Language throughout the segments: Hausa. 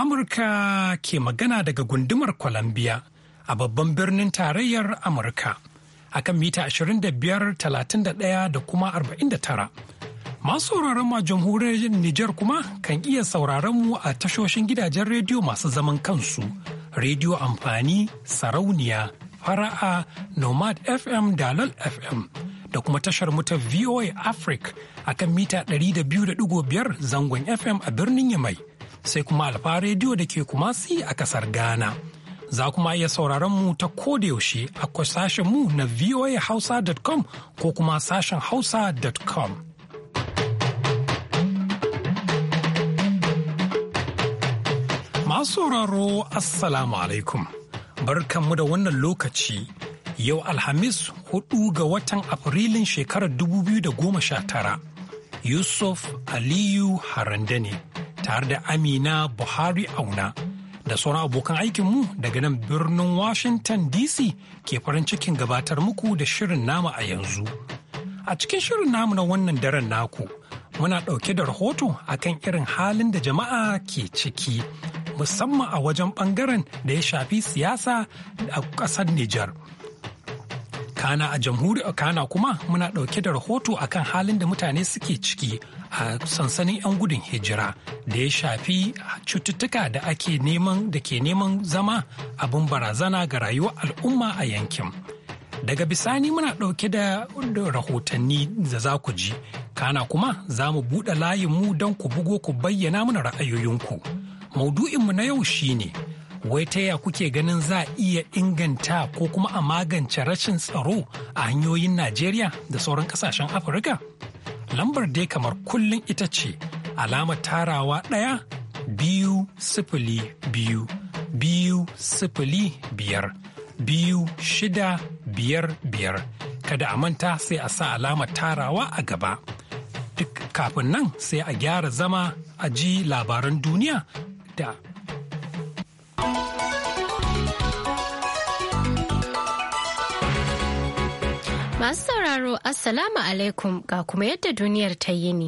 Amurka ke magana daga gundumar Columbia a babban birnin tarayyar Amurka a kan mita 25,31 da kuma 49. Masu sauraron ma jamhuriyar Nijar kuma kan iya sauraron mu a tashoshin gidajen rediyo masu zaman kansu, rediyo amfani, sarauniya, fara'a, nomad FM da lol FM. da kuma tashar mu ta VOA Africa a kan mita 200.5 zangon FM a birnin Yamai sai kuma alfa rediyo da ke kumasi a kasar Ghana. Za kuma iya sauraron mu ta kodayaushe a sashen mu na voahausa.com ko kuma sashen hausa.com. Masu sauraro Assalamu alaikum. Barkanmu da wannan lokaci yau Alhamis hudu ga watan Afrilun shekarar 2019 Yusuf Aliyu Harande ne. tare da Amina Buhari Auna da sauran abokan aikinmu daga nan birnin Washington DC ke farin cikin gabatar muku da shirin namu a yanzu. A cikin shirin namu na wannan daren naku, muna ɗauke da rahoto akan irin halin da jama'a ke ciki, musamman a wajen ɓangaren da ya shafi siyasa a ƙasar Nijar. Kana a jamhuriyar Kana kuma muna ɗauke da rahoto akan halin da mutane suke ciki a sansanin 'yan gudun hijira da ya shafi cututtuka da ake neman da ke neman zama abin barazana ga rayuwar al'umma a yankin. Daga bisani muna ɗauke da rahotanni da za ku ji, kana kuma za mu buɗe layinmu don ku bugo ku bayyana mana ra'ayoyinku. Maudu'inmu na yau shine wai ta ya kuke ganin za a iya inganta ko kuma a magance rashin tsaro a hanyoyin Najeriya da sauran ƙasashen Afirka? lambar dai kamar kullum ita ce alama tarawa ɗaya biyu sifili biyu biyu sifili biyar biyu shida biyar biyar kada a manta sai a sa alama tarawa a gaba duk kafin nan sai a gyara zama a ji labaran duniya da Masu sauraro Assalamu alaikum ga kuma yadda duniyar ta yi ni.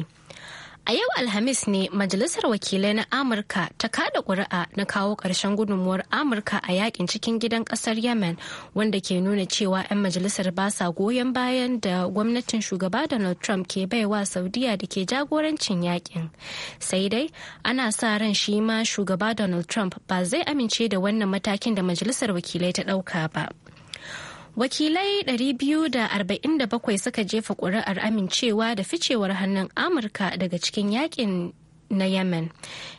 A yau Alhamis ne Majalisar Wakilai na Amurka ta kada ƙuri'a na kawo ƙarshen gudunmuwar Amurka a yakin cikin gidan ƙasar Yemen wanda ke nuna cewa 'yan majalisar ba sa goyon bayan da gwamnatin shugaba Donald Trump ke baiwa Saudiya da ke jagorancin yakin. Sai dai ana sa ran shi ma shugaba Donald Trump ba zai amince da wannan matakin da Majalisar Wakilai ta ɗauka ba. wakilai 247 suka jefa ƙuri'ar amincewa da ficewar hannun amurka daga cikin yakin na yemen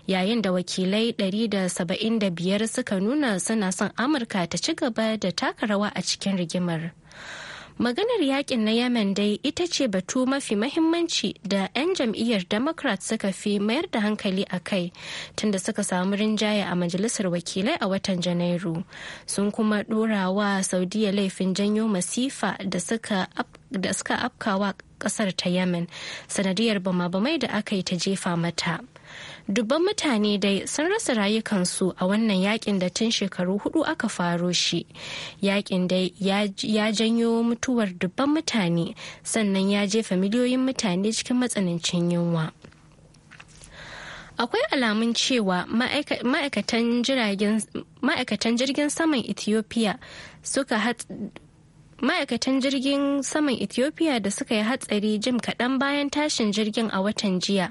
yayin da wakilai 175 suka nuna suna son amurka ta ci gaba da taka rawa a cikin rigimar maganar yakin na yemen dai ita ce batu mafi mahimmanci da 'yan jam'iyyar democrat suka fi mayar da hankali a kai tunda suka samu rinjaye a majalisar wakilai a watan janairu sun kuma dora wa saudiya laifin janyo masifa da suka afkawa kasar ta yemen sanadiyar bama-bamai da aka yi ta jefa mata dubban mutane dai sun rasa rayukansu a wannan yakin da tun shekaru hudu aka faro shi yakin dai ya janyo mutuwar dubban mutane sannan ya jefa miliyoyin mutane cikin matsanancin yunwa akwai alamun cewa ma'aikatan jirgin saman ethiopia suka ma'aikatan jirgin saman ethiopia da suka yi hatsari jim kaɗan bayan tashin jirgin a watan jiya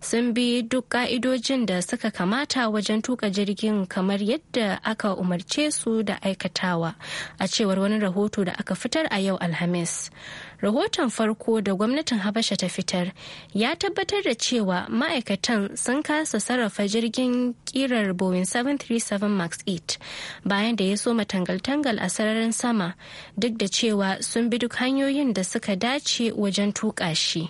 sun bi duk ƙa'idojin da suka kamata wajen tuka jirgin kamar yadda aka umarce su da aikatawa a cewar wani rahoto da aka fitar a yau alhamis rahoton farko da gwamnatin habasha ta fitar ya tabbatar da cewa ma'aikatan sun kasa sarrafa jirgin kirar boeing 737 max 8 bayan da ya soma tangal-tangal a sararin sama duk da cewa sun bi duk hanyoyin da suka dace wajen tuƙa shi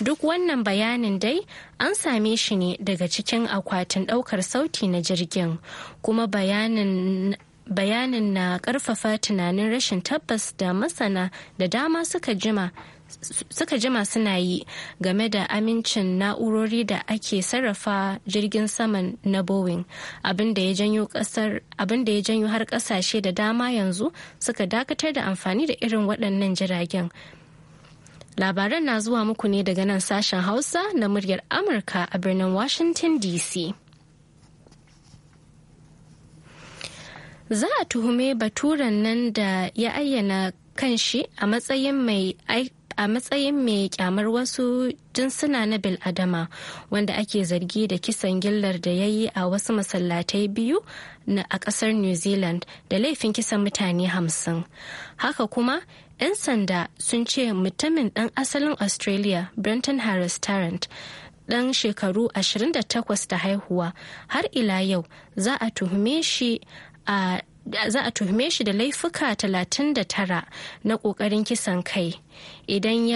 duk wannan bayanin dai an same shi ne daga cikin akwatin ɗaukar sauti na jirgin kuma bayanin bayanin na karfafa tunanin rashin tabbas da masana da dama suka jima suka jima suna yi game da amincin na'urori da ake sarrafa jirgin saman na boeing abinda ya janyo har kasashe da dama yanzu suka dakatar da amfani da irin waɗannan jiragen labaran na zuwa muku ne daga nan sashen hausa na muryar amurka a birnin washington dc za a tuhume baturen nan da ya ayyana kanshi a matsayin mai a matsayin mai kyamar wasu jinsuna na biladama wanda ake zargi da kisan gillar da ya yi a wasu masallatai biyu na a kasar new zealand da laifin kisan mutane hamsin haka kuma 'yan sanda sun ce mutumin dan asalin australia brenton harris tarrant dan shekaru 28 da haihuwa har ila yau za a tuhume shi a za a tuhume shi da laifuka 39 na kokarin kisan kai idan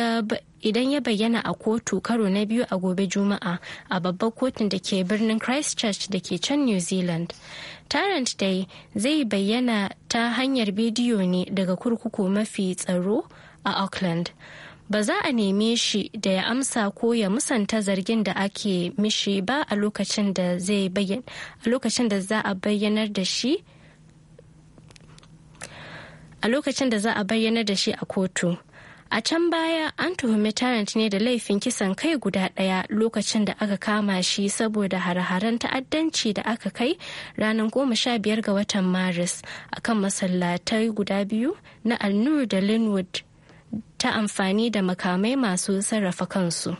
ya bayyana a kotu karo na biyu a gobe juma'a a babbar kotun da ke birnin christchurch da ke can new zealand tarrant dai zai bayyana ta hanyar bidiyo ne daga kurkuku mafi tsaro a auckland ba za a neme shi da ya amsa ko ya musanta zargin da ake mishi ba a lokacin da za a bayyanar da shi a lokacin da za a bayyana da shi a kotu a can baya an tuhumi tarant ne da laifin kisan kai guda ɗaya lokacin da aka kama shi saboda hare ta'addanci da aka kai ranar goma sha biyar ga watan maris a kan masallatai guda biyu na alnur da linwood ta amfani da makamai masu sarrafa kansu.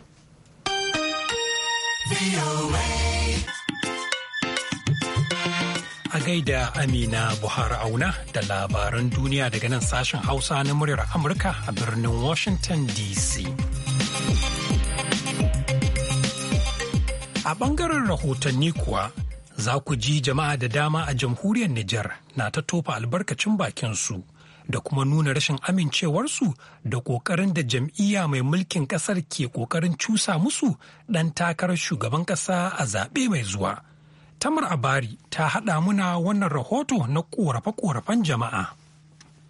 gaida Amina Buhari Auna da labaran duniya daga nan sashen Hausa na muryar Amurka a birnin Washington DC. A ɓangaren rahotanni kuwa za ku ji jama'a da dama a jamhuriyar Nijar na ta tofa albarkacin bakinsu da kuma nuna rashin amincewarsu da ƙoƙarin da jam'iyya mai mulkin ƙasar ke ƙoƙarin cusa musu ɗan takarar shugaban ƙasa a zaɓe mai zuwa. Tamar Abari ta haɗa muna wannan rahoto na ƙorafe-ƙorafen jama'a.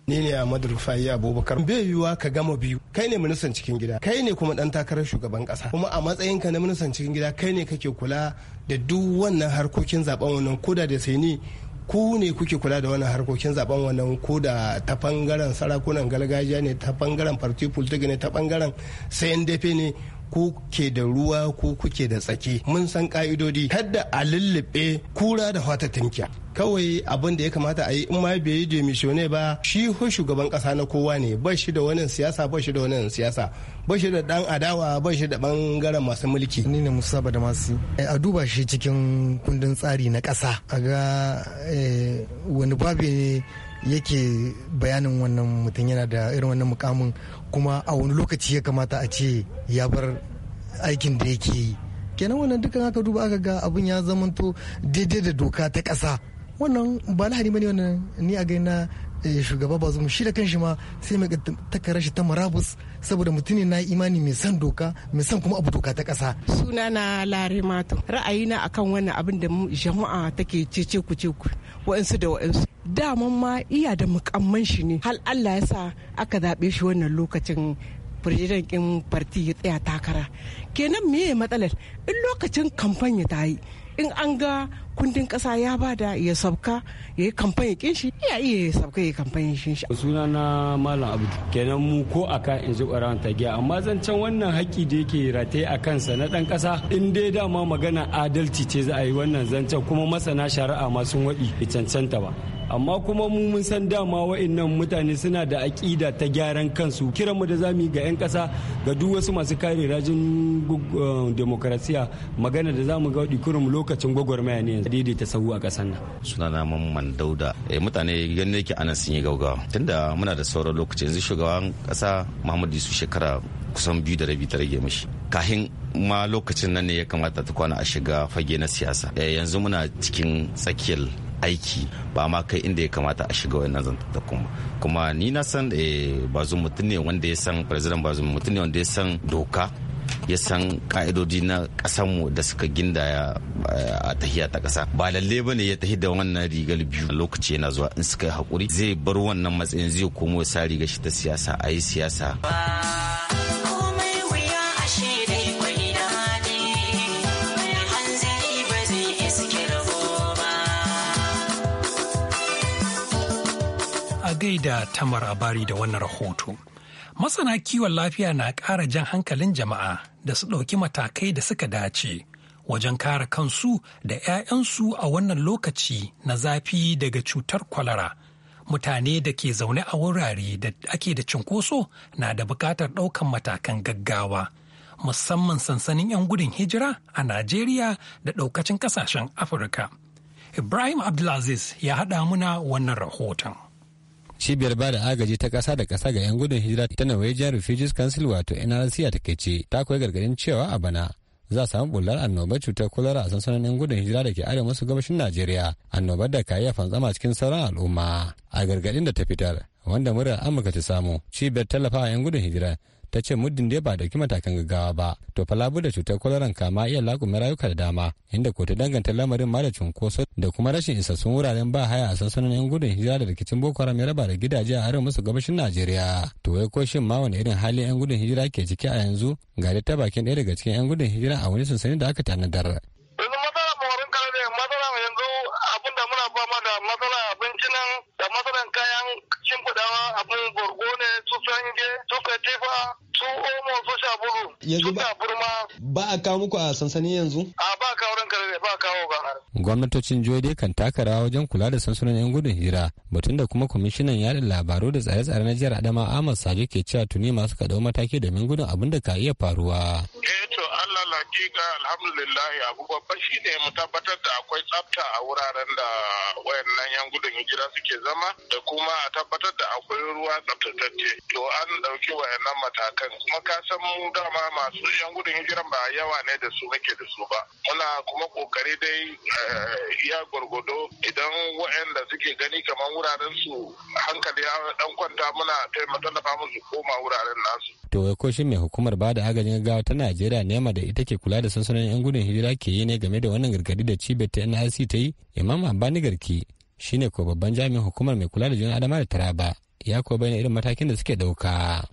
ni ne Ahmad Abubakar bai yiwuwa ka gama biyu kai ne ministan cikin gida kai ne kuma dan takarar shugaban kasa kuma a matsayin ka na ministan cikin gida kai ne kake kula da duk wannan harkokin zaben wannan koda da sai ni ku ne kuke kula da wannan harkokin zaben wannan koda ta bangaren sarakunan gargajiya ne ta bangaren party ne ta bangaren dafe ne ku ke da ruwa ku kuke da tsaki mun san ka'idodi kada a lullube kura da fata tinkiya kawai abin da ya kamata a yi in ma bai yi demisione ba shi shugaban kasa na kowa ne ba shi da wani siyasa ba shi da wani siyasa ba shi da dan adawa ba shi da bangaren masu mulki ni ne musa da masu eh, a duba shi cikin kundin tsari na kasa a ga eh, wani babu ne yake bayanin wannan mutum yana da irin wannan mukamin kuma a wani lokaci ya kamata a ce ya bar aikin da yake yi kenan wannan dukkan aka duba aka ga abin ya zamanto daidai da doka ta kasa wannan ba lahani bane wannan ni a gaina Eh, shugaba ba bazum shi da kanshi ma sai mai takara shi ta marabus saboda mutum na imani mai san doka mai san kuma abu doka ta kasa suna na lare mato na akan wannan abin da jama'a take cece ku ce ku wa'ansu da wa'ansu daman ma iya da mukamman shi ne hal Allah ya sa aka zaɓe shi wannan lokacin firjidan kin farti ya tsaya takara kenan meye matsalar in lokacin kamfan ya ta yi in an ga kundin kasa ya bada ya sabka ya yi kamfani kin shi ya iya ya sabka ya kamfani shi suna na malam abdu kenan mu ko ka in ji ƙwarawar ta giya amma zancen wannan haƙƙi da yake rataye a kansa na ɗan kasa in dai dama magana adalci ce za a yi wannan zancen kuma masana shari'a ma sun waɗi cancanta ba amma kuma mu mun san dama wa'annan mutane suna da aƙida ta gyaran kansu kiran mu da zamu ga 'yan kasa ga duk wasu masu kare rajin eh, demokrasiya magana da zamu ga kurum lokacin gwagwarmaya ne daidaita sahu a ƙasar nan sunana mamman dauda eh, mutane ganin yake anan sun yi gaugawa tunda muna da sauran lokaci yanzu shugaban ƙasa muhammadu yusuf shekara kusan biyu da rabi ta rage mashi kahin ma lokacin nan ne ya kamata ta kwana a shiga fage na siyasa eh, yanzu muna cikin tsakiyar aiki ba ma kai inda ya kamata a shiga wannan zantattakun ba kuma ni na san eh, bazum mutum ne wanda ya san president bazum mutum ne wanda ya san doka ya san ka'idodi na mu da suka gindaya eh, a tahiya ta ƙasa ba lalle ba ne ya tahi da wannan rigar biyu lokaci yana zuwa in suka yi haƙuri zai bar wannan matsayin zai komo ya sa rigar shi ta siyasa a yi siyasa. da tamar abari da wannan rahoto. Masana kiwon lafiya na ƙara jan hankalin jama'a da su ɗauki matakai da suka dace wajen kare kansu da 'ya'yansu a wannan lokaci na zafi daga cutar kwalara. Mutane da ke zaune a wurare da ake da cinkoso na da buƙatar ɗaukan matakan gaggawa. Musamman sansanin 'yan gudun hijira a Najeriya da ɗaukacin ƙasashen Afirka. Ibrahim Abdulaziz ya haɗa muna wannan rahoton. cibiyar bada agaji ta ƙasa da kasa ga 'yan gudun hijira ta norwegian refugees council wato nrc a takaice ta koyi gargadin cewa a bana za a samu bullar annobar cutar kulara a sansanin 'yan gudun hijira da ke arewa masu gabashin najeriya annobar da ka iya fantsama cikin sauran al'umma a gargadin da ta fitar wanda murar amurka ta samu cibiyar tallafawa 'yan gudun hijira ta ce muddin dai ba dauki matakan gaggawa ba to fa da cutar kwalaran kama iya lakumi rayuka da dama inda ko ta danganta lamarin ma da cunkoso da kuma rashin isassun wuraren ba haya a sassanin yan gudun hijira da rikicin boko haram ya raba da gidaje a harin musu gabashin najeriya to wai ko shin ma wani irin hali yan gudun hijira ke ciki a yanzu ga da ta bakin ɗaya daga cikin yan gudun hijira a wani sansani da aka tanadar matsalar abinci nan da matsalar kayan shimfiɗawa abin borgo ne Nange, suka jefa su omo su sabulu. su ba burma. Ba a kawo muku a sansani yanzu? A ba kawo ran ba a kawo ba. Gwamnatocin jihohi dai kan taka rawa wajen kula da sansunan 'yan gudun hira batun da kuma kwamishinan yaɗa labaru da tsare-tsare na jihar Adama Ahmad Sajo ke cewa tuni masu kaɗau mataki domin gudun abin da ka iya faruwa. Eh hakika alhamdulillah abu babba shine mu tabbatar da akwai tsafta a wuraren da wayannan yan gudun hijira suke zama da kuma a tabbatar da akwai ruwa tsaftatacce to an dauki wayannan matakan kuma ka san mu dama masu yan gudun hijiran ba yawa ne da su muke da su ba muna kuma kokari dai eh, iya gurgudo idan wayanda suke gani kamar wuraren su hankali ya dan kwanta muna taimaka musu koma wuraren nasu to ko shi mai hukumar bada agajin gaggawa ta Najeriya ma da ita ke kula da sansanonin 'yan gudun hijira ke yi ne game da wannan gargadi da cibiyar ta NRC ta yi, Imam Abani Garki shi ne ko babban jami'in hukumar mai kula da juna adama da taraba ya ko bayyana irin matakin da suke dauka.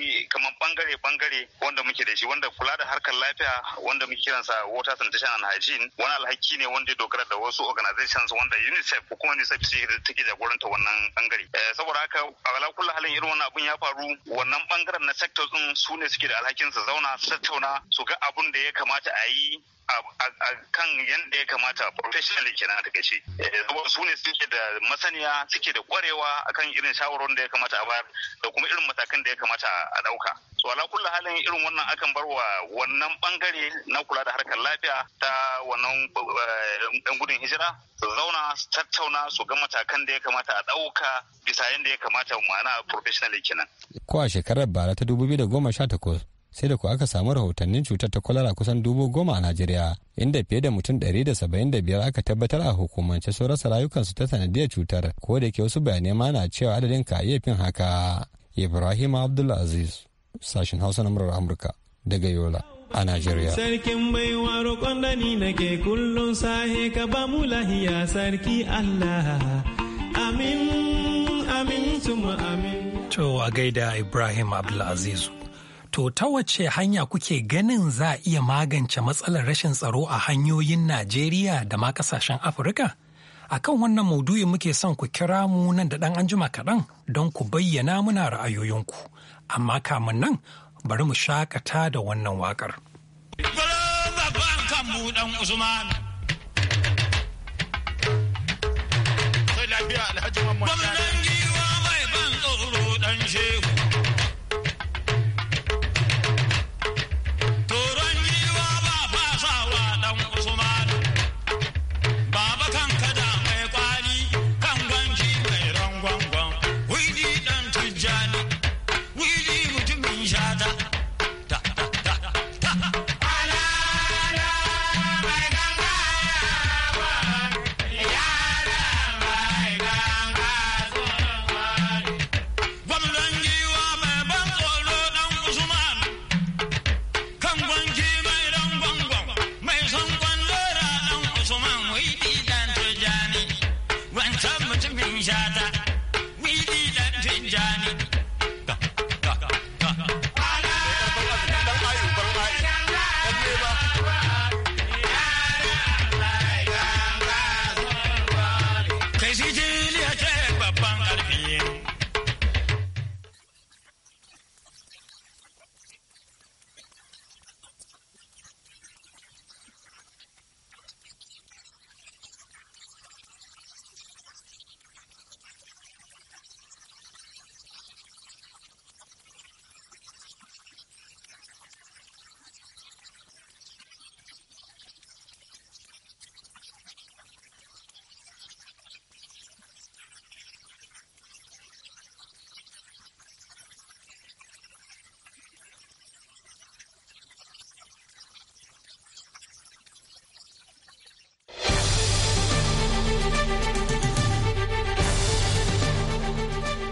yi kamar bangare-bangare wanda muke da shi wanda kula da harkar lafiya wanda muke kiransa water sanitation and hygiene wani alhaki ne wanda ya dogara da wasu organizations wanda UNICEF ko kuma UNICEF ce take jagoranta wannan bangare. Eh, saboda haka a kula halin irin wannan abun ya faru wannan bangaren na sector din su ne suke da alhakin su zauna su tattauna su ga abun da ya kamata a yi a kan yadda ya kamata professional kenan ta gace eh, su ne suke da masaniya suke da kwarewa akan irin shawarar da ya kamata a bayar da kuma irin matakan da ya kamata a dauka so ala halin irin wannan akan bar wa wannan bangare na kula da harkar lafiya ta wannan yan eh, gudun hijira su zauna su tattauna su ga matakan da ya kamata a dauka bisa yadda ya kamata ma'ana professional kenan ko a shekarar bara ta 2018 sai da ku aka samu rahotannin cutar ta kwalara kusan dubu goma a najeriya inda fiye da mutum ɗari da saba'in da biyar aka tabbatar a hukumance sun rasa rayukansu ta sanadiyar cutar ko da ke wasu bayanai ma na cewa adadin ka iya fin haka ibrahim abdulaziz sashen hausa na murar amurka daga yola a najeriya sarkin baiwa roƙon da nake kullum sahe ka ba mu lahiya sarki allah amin amin amin to a gaida ibrahim abdulaziz To ta wace hanya kuke ganin za a iya magance matsalar rashin tsaro a hanyoyin Najeriya da ma kasashen Afirka? A kan wannan maudu'in muke son ku kira mu nan da ɗan anjima kaɗan don ku bayyana muna ra'ayoyinku. Amma kamun nan bari mu shakata da wannan waƙar. Gwamnan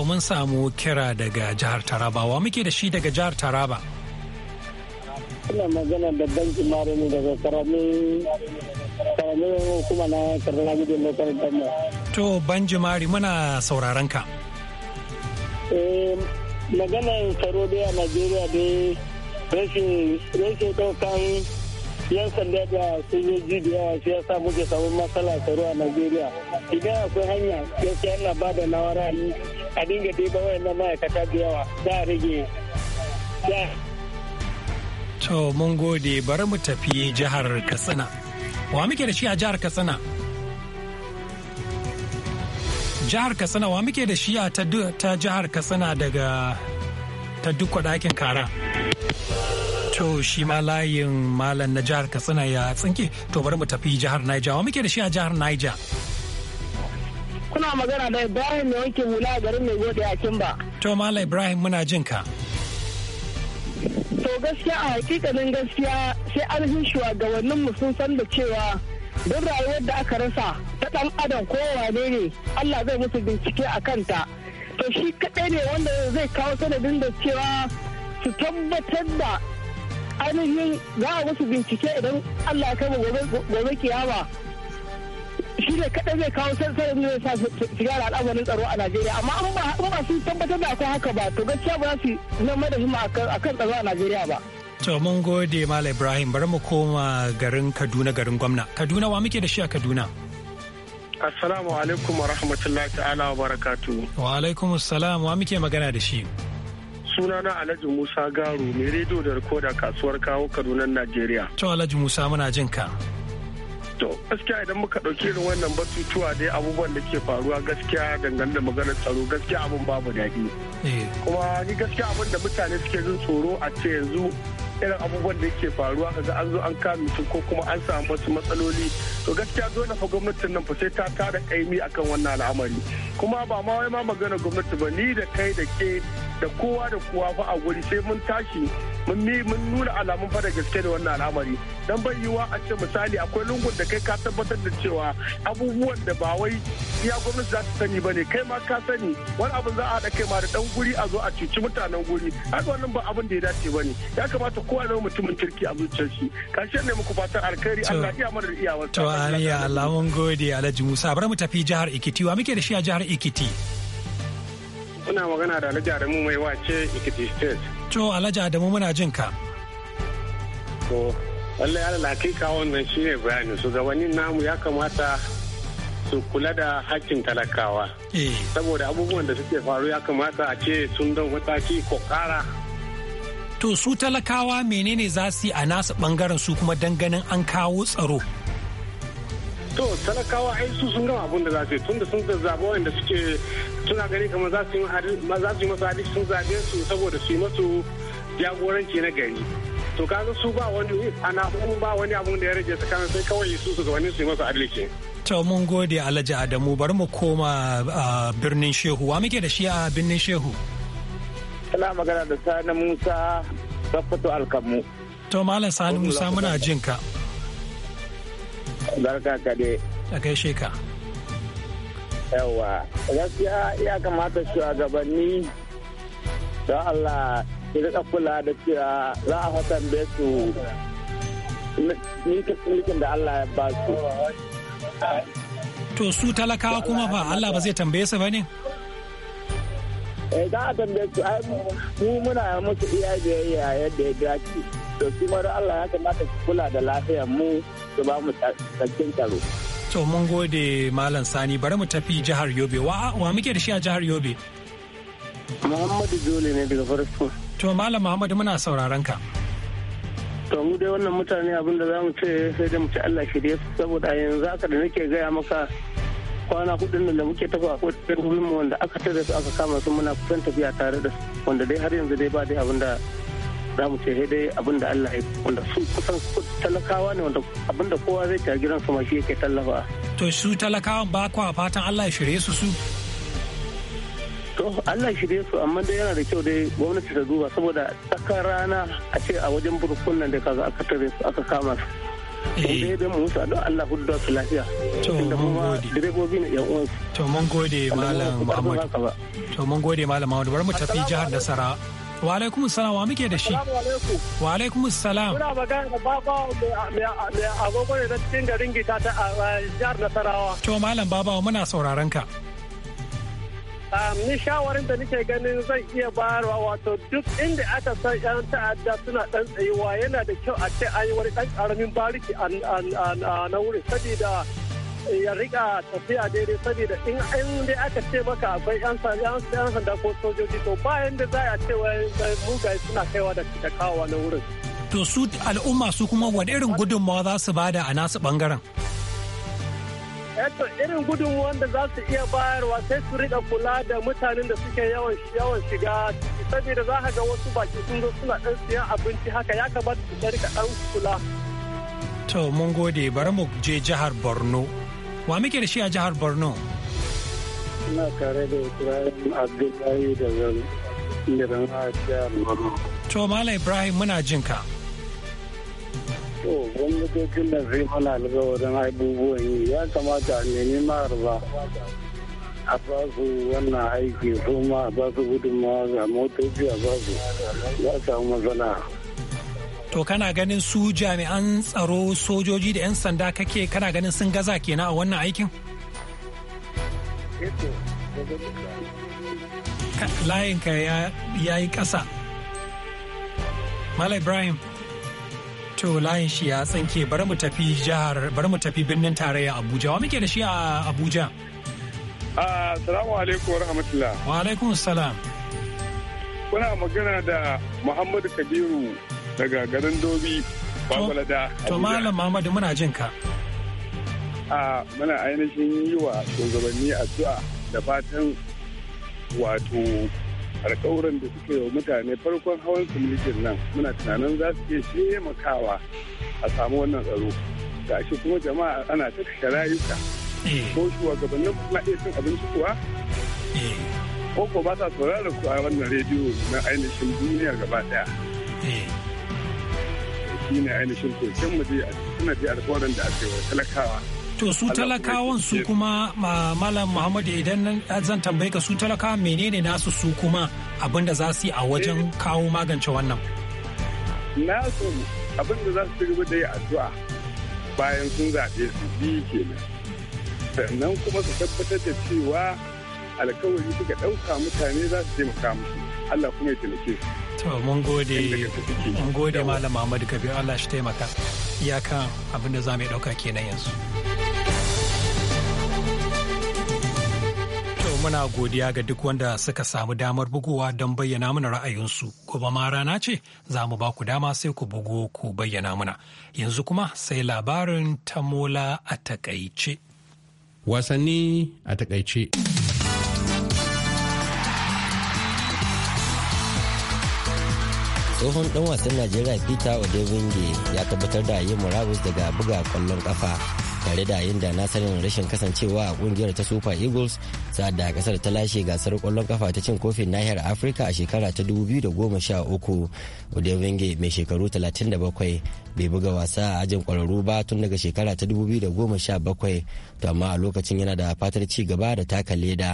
mun samu kira daga jihar Taraba wa muke da shi daga jihar Taraba ina magana da banki mare ne daga karamin karamin hukuma na karamin da lokacin dama to banji mari muna sauraron ka eh maganar tsaro dai a Najeriya dai rashin rashin daukan yan sanda da sojoji da yawa shi samu muke samun matsala tsaro a Najeriya idan akwai hanya yana ba bada nawara a dinga diba wayannan ma'aikata da yawa za a rage To mun gode bari mu tafi jihar Katsina. Wa muke da shi a jihar Katsina? Jihar Katsina wa muke da shi a ta jihar Katsina daga ta dukwa ɗakin kara. To shi ma layin malam na jihar Katsina ya tsinke to bari mu tafi jihar Niger. Wa muke da shi a jihar Niger? kuna magana da Ibrahim mai wanke hula a garin mai gode a ba. To Mala Ibrahim muna jin ka. To gaskiya a hakikalin gaskiya sai an ainihin ga mu sun san da cewa duk rayuwar da aka rasa ta dan adam kowane ne Allah zai musu bincike a kanta. To shi kaɗai ne wanda zai kawo sanadin da cewa su tabbatar da ainihin za a musu bincike idan Allah ya kama gobe kiyama. shi ne kaɗai zai kawo sansarin ne sa shiga da al'amarin tsaro a Najeriya amma an ba su tabbatar da akwai haka ba to gaskiya ba su nan mai da himma akan tsaro a Najeriya ba. To mun gode Malam Ibrahim bari mu koma garin Kaduna garin gwamna. Kaduna wa muke da shi a Kaduna? Assalamu alaikum wa rahmatullahi ta'ala wa barakatu. Wa alaikum assalam wa muke magana da shi. Sunana Alhaji Musa Garu mai rediyo da rikoda kasuwar kawo Kaduna Najeriya. To Alhaji Musa muna jin ka. to gaskiya idan muka ɗauki irin wannan batutuwa dai abubuwan da ke faruwa gaskiya dangane da maganar tsaro gaskiya abin babu daɗi eh. kuma ni gaskiya abin da mutane suke jin tsoro a ce yanzu irin abubuwan da yake faruwa kaga an zo an kame su ko kuma an samu wasu matsaloli to gaskiya zo na fa gwamnatin nan fa sai ta tara kaimi akan wannan al'amari kuma ba ma wai ma magana gwamnati ba ni da kai da ke da kowa da kowa fa a guri sai mun tashi mun nuna alamun fa da gaske da wannan al'amari dan bai yiwa a ce misali akwai lungun da kai ka tabbatar da cewa abubuwan da ba wai iya gwamnati za ta sani ba ne kai ma ka sani wani abin za a haɗa kai ma da ɗan guri a zo a cuci mutanen guri haka wannan ba abin da ya dace ba ne ya kamata kowa zama mutumin kirki a zuciyar shi karshen ne muku fatan alkhairi Allah iya mana da iyawar to Allah mun gode Alhaji Musa bari mu tafi jihar Ekiti wa muke da shi a jihar Ekiti muna magana da Alhaji Adamu mai wace Ekiti state to Alhaji Adamu muna jin ka to wallahi Allah hakika wannan shine bayani su gabanin namu ya kamata su kula da hakkin talakawa eh. saboda abubuwan da suke faru ya kamata a ce sun don mataki ko kara to su talakawa menene za su yi a nasu bangaren su kuma danganin an kawo tsaro to talakawa ai su sun gama abin da za su yi tunda sun zazzaba wanda suke suna gani kamar za su yi masu hadisi sun zabe su saboda su yi masu jagoranci na gari to kaga su ba wani ana ba wani abun da ya rage tsakanin sai kawai su su gabanin su yi masu adalci to mun gode alhaji adamu bari mu koma ah, birnin shehu wa muke da shi a birnin shehu Ina magana da Sani Musa Safato Alkamu. To Malam Sani Musa muna jin ka. Barka ka dai. A gaishe ka. Yawwa. gaskiya ya kamata shugabanni don Allah ya riƙa kula da cewa za a hatan su mulkin da Allah ya ba su. To su talakawa kuma ba Allah ba zai tambaye su ba ne? za eh, a tambaye su ai mu muna musu iya biyayya yadda ya dace to su mara Allah ya kamata su kula da lafiyar mu su ba mu tsakin taro. to mun gode malam sani bari mu tafi jihar yobe wa muke da shi a jihar yobe muhammadu jole ne daga farko to malam muhammadu muna sauraron ka to mu dai wannan mutane abin da za mu ce sai da mu ci Allah shi saboda yanzu haka da nake gaya maka kwana hudun nan da muke tafa akwai dabbobin mu wanda aka tare su aka kama su muna kusan tafiya tare da su wanda dai har yanzu dai ba dai abinda da za mu ce dai abinda da Allah ya wanda su kusan talakawa ne wanda abinda da kowa zai ta gidan su ma shi yake tallafa. To su talakawan ba kwa fatan Allah ya shirye su su. To Allah ya shirye su amma dai yana da kyau dai gwamnati ta duba saboda tsakar rana a ce a wajen burkun nan da kaga aka tare su aka kama su. Eh. Kuma gode. gode malam Muhammadu. To gode malam Muhammadu. bari salam wa muke da shi. Wa salam. Muna magana baba mai agogo ne na cikin garin gita ta jihar Nasarawa. To malam baba muna sauraron ka. ni shawarin da nake ganin zai iya bayarwa wato duk inda aka san yan ta'adda suna dan tsayuwa yana da kyau a ce an yi wani dan karamin bariki a na wurin saboda ya rika tafiya daidai saboda in inda aka ce maka akwai yan sanda ko sojoji to bayan da za a ce mugaye suna kaiwa da kawo na wurin. To su al'umma su kuma wani irin gudunmawa za su bada a nasu bangaren? eto irin gudun da za su iya bayarwa sai su riƙa kula da mutanen da suke yawan yawan shiga ciki saboda za ka ga wasu baki sun zo suna ɗan siyan abinci haka ya kamata su rika ɗan kula. To mun gode bari mu je jihar Borno. Wa muke da shi a jihar Borno? Ina tare da Ibrahim Abdullahi da zan da jihar Borno. To Malam Ibrahim muna jin ka. To, gwamnatocin da sai mana alkawarin abubuwan yi ya kamata a nemi ma'arba a ba su wannan aiki su ma a ba su gudunmawa ga motoci a ba su ya samu matsala. To kana ganin su jami'an tsaro sojoji da 'yan sanda kake kana ganin sun gaza kenan a wannan aikin? Layinka ya yi ƙasa. Mala Ibrahim. wato layin shi ya tsinke bari mu tafi jihar bari mu tafi birnin tarayya Abuja wa muke da shi a Abuja ah, Assalamu alaikum warahmatullahi Wa alaikum salam Kuna magana da Muhammadu Kabiru daga garin Dobi Babalada To Malam Muhammadu muna jin ka a ah, muna ainihin yi wa shugabanni addu'a da fatan wato alkawuran da suke wa mutane farkon hawan su nan muna tunanin za su iya taimakawa a samu wannan tsaro ga shi kuma jama'a ana ta kashe rayuka eh. ko shugabannin kuma iya cin abinci kuwa eh. ko ko ba sa saurara ku a wannan rediyo na ainihin duniya gaba daya eh. shi ne ainihin kokin mu dai a cikin alkawarin da ake wa talakawa to su talakawan su kuma malam muhammadu idan zan tambayi ka su talakawan menene nasu su kuma abinda za su yi a wajen eh. kawo magance wannan nasu abinda za su gaba da yi addu'a bayan sun zaɓe su biyu kenan sannan kuma su tabbatar da cewa alkawari suka ɗauka mutane za su taimaka musu allah kuma ya taimake su To mun gode mun gode Malam Muhammadu Kabir Allah shi taimaka. Iyakan abin da za mu ɗauka kenan yanzu. muna godiya ga duk wanda suka samu damar buguwa don bayyana mana ra'ayinsu gobe ma rana ce za mu ba ku dama sai ku bugu ku bayyana mana yanzu kuma sai labarin tamola a takaice wasanni a takaice tsohon dan wasan najeriya peter odebinge ya tabbatar da yin murabus daga buga kwallon kafa tare da yin da na sanin rashin kasancewa a kungiyar ta super eagles sa'ad da kasar ta lashe gasar kwallon kafa ta cin kofin nahiyar afirka a shekara ta 2013 odebinge mai shekaru 37 bai buga wasa a ajin kwararru ba tun daga shekara ta 2017 to amma a lokacin yana da fatar ci gaba da taka leda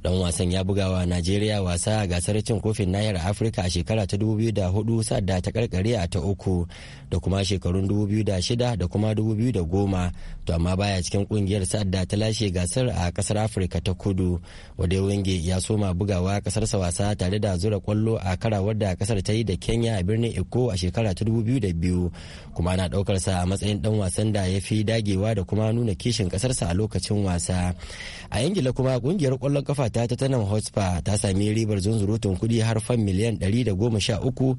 dan wasan ya bugawa najeriya wasa a gasar cin kofin nahiyar afirka a shekara ta 2004 sadda ta karkare a ta uku da kuma shekarun 2006 da kuma 2010 to amma baya cikin kungiyar sadda ta lashe gasar a kasar afirka ta kudu wanda wenge ya soma bugawa kasarsa wasa tare da zura kwallo a karawar da kasar ta yi da kenya a birnin eko a shekara ta 2002 kuma ana ɗaukarsa a matsayin dan wasan da ya fi dagewa da kuma nuna kishin ƙasarsa a lokacin wasa a ingila kuma kungiyar kwallon kafa ta tottenham hotspur ta sami ribar zunzurutun kudi har fan miliyan 113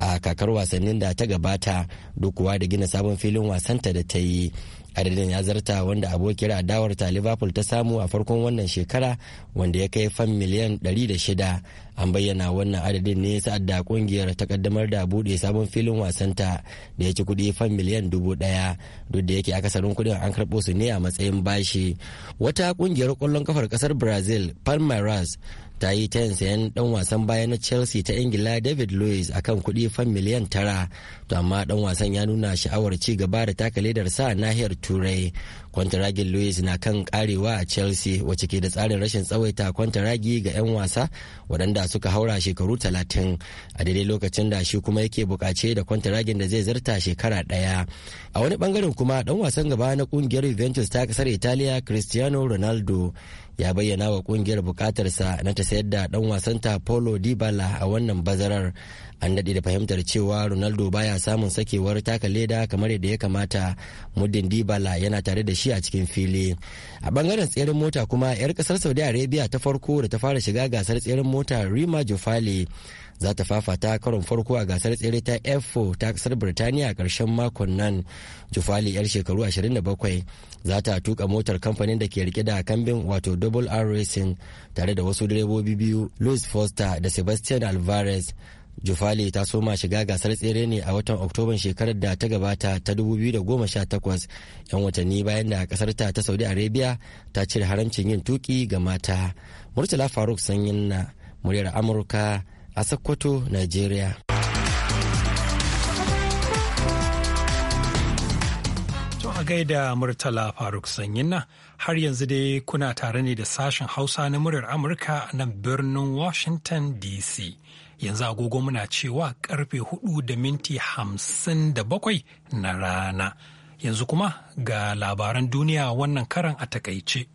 a kakar wasannin da ta gabata dokuwa da gina sabon filin wasanta da ta yi adadin ya zarta wanda abokiyar adawar ta liverpool ta samu a farkon wannan shekara wanda ya kai fan miliyan 106 an bayyana wannan adadin ne sa'ad da kungiyar ta kaddamar da bude sabon filin wasanta da ya ci kudi fan miliyan 1,000 duk da yake akasarin kudin an karbo su ne a matsayin bashi wata kungiyar kwallon kafar kasar brazil palmeiras ta yi ta yin dan wasan baya na chelsea ta ingila david lewis akan kuɗi fan miliyan tara to amma dan wasan ya nuna sha'awar ci gaba da taka ledar sa nahiyar turai kwantaragin louis na kan karewa a chelsea wacce ke da tsarin rashin tsawaita kwantaragi ga 'yan wasa waɗanda suka haura shekaru talatin a daidai lokacin da shi kuma yake bukace da kwantaragin da zai zarta shekara ɗaya a wani bangaren kuma dan wasan gaba na kungiyar juventus ta kasar italiya cristiano ronaldo ya bayyana wa kungiyar bukatarsa na ta sayar da dan wasanta polo dibala a wannan bazarar an daɗe da fahimtar cewa ronaldo baya samun sakewar taka leda kamar yadda ya kamata muddin dibala yana tare da shi a cikin fili a bangaren tseren mota kuma 'yar kasar saudi arabia ta farko da ta fara shiga gasar tseren mota rima jofale za ta fafata karon farko a gasar tsere ta f4 ta kasar birtaniya a karshen makon nan jufali yar shekaru 27 za ta tuka motar kamfanin da ke rike da kambin wato double r racing tare da wasu direbobi biyu louis foster da sebastian alvarez jufali ta soma shiga gasar tsere ne a watan oktoban shekarar da ta gabata ta 2018 'yan watanni bayan da kasar ta ta saudi arabia ta cire haramcin yin tuki ga mata murtala faruk sanyin na muryar amurka a Sokoto, nigeria. To a gaida Murtala Faruk Sanyina har yanzu dai kuna tare ne da sashen Hausa na muryar Amurka a nan birnin Washington DC. Yanzu agogo muna cewa karfe hudu da minti hamsin da bakwai na rana. Yanzu kuma ga labaran duniya wannan karan a takaice.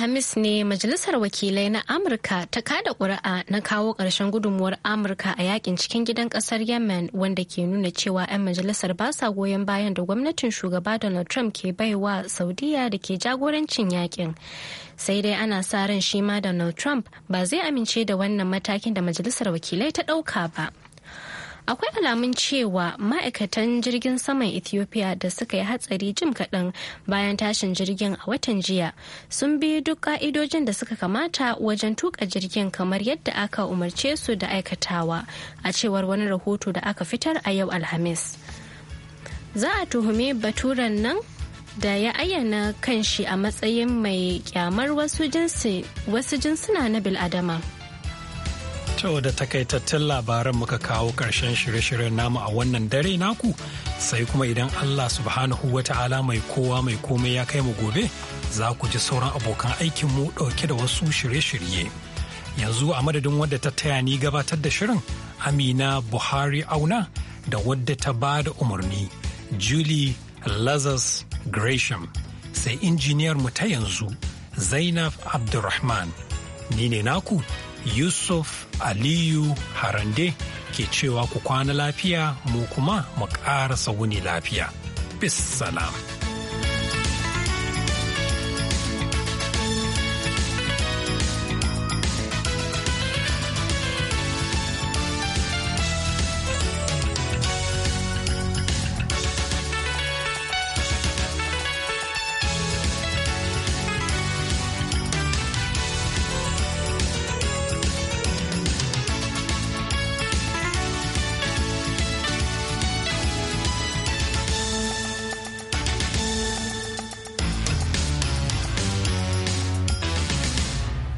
Alhamis ne Majalisar Wakilai na Amurka ta kada ƙuri'a na kawo ƙarshen gudunmuwar Amurka a yakin cikin gidan ƙasar Yemen wanda ke nuna cewa 'yan majalisar ba sa goyon bayan da gwamnatin shugaba Donald Trump ke baiwa Saudiya da ke jagorancin yakin. Sai dai ana sa ran shi ma Donald Trump ba zai amince da wannan matakin da Majalisar Wakilai ta ɗauka ba. akwai alamun cewa ma'aikatan jirgin saman ethiopia da suka yi hatsari jim kaɗan bayan tashin jirgin a watan jiya sun bi duk ka'idojin da suka kamata wajen tuka jirgin kamar yadda aka umarce su da aikatawa a cewar wani rahoto da aka fitar a yau alhamis za a tuhumi baturen nan da ya ayyana kanshi a matsayin mai kyamar wasu jinsuna na biladama. To da takaitattun labaran muka kawo ƙarshen shirye-shiryen namu a wannan dare naku sai kuma idan Allah subhanahu wa ta'ala mai kowa mai komai ya kai mu gobe za ku ji sauran abokan aikinmu ɗauke da wasu shirye-shirye. Yanzu a madadin wadda ta taya ni gabatar da shirin Amina Buhari Auna da wadda ta ba da umarni Julie Lazarus Gresham sai injiniyar mu ta yanzu Zainab Abdulrahman. Ni ne naku Yusuf Aliyu Harande ke cewa ku kwana lafiya mu kuma mu ƙarasa wuni lafiya. Bis salam.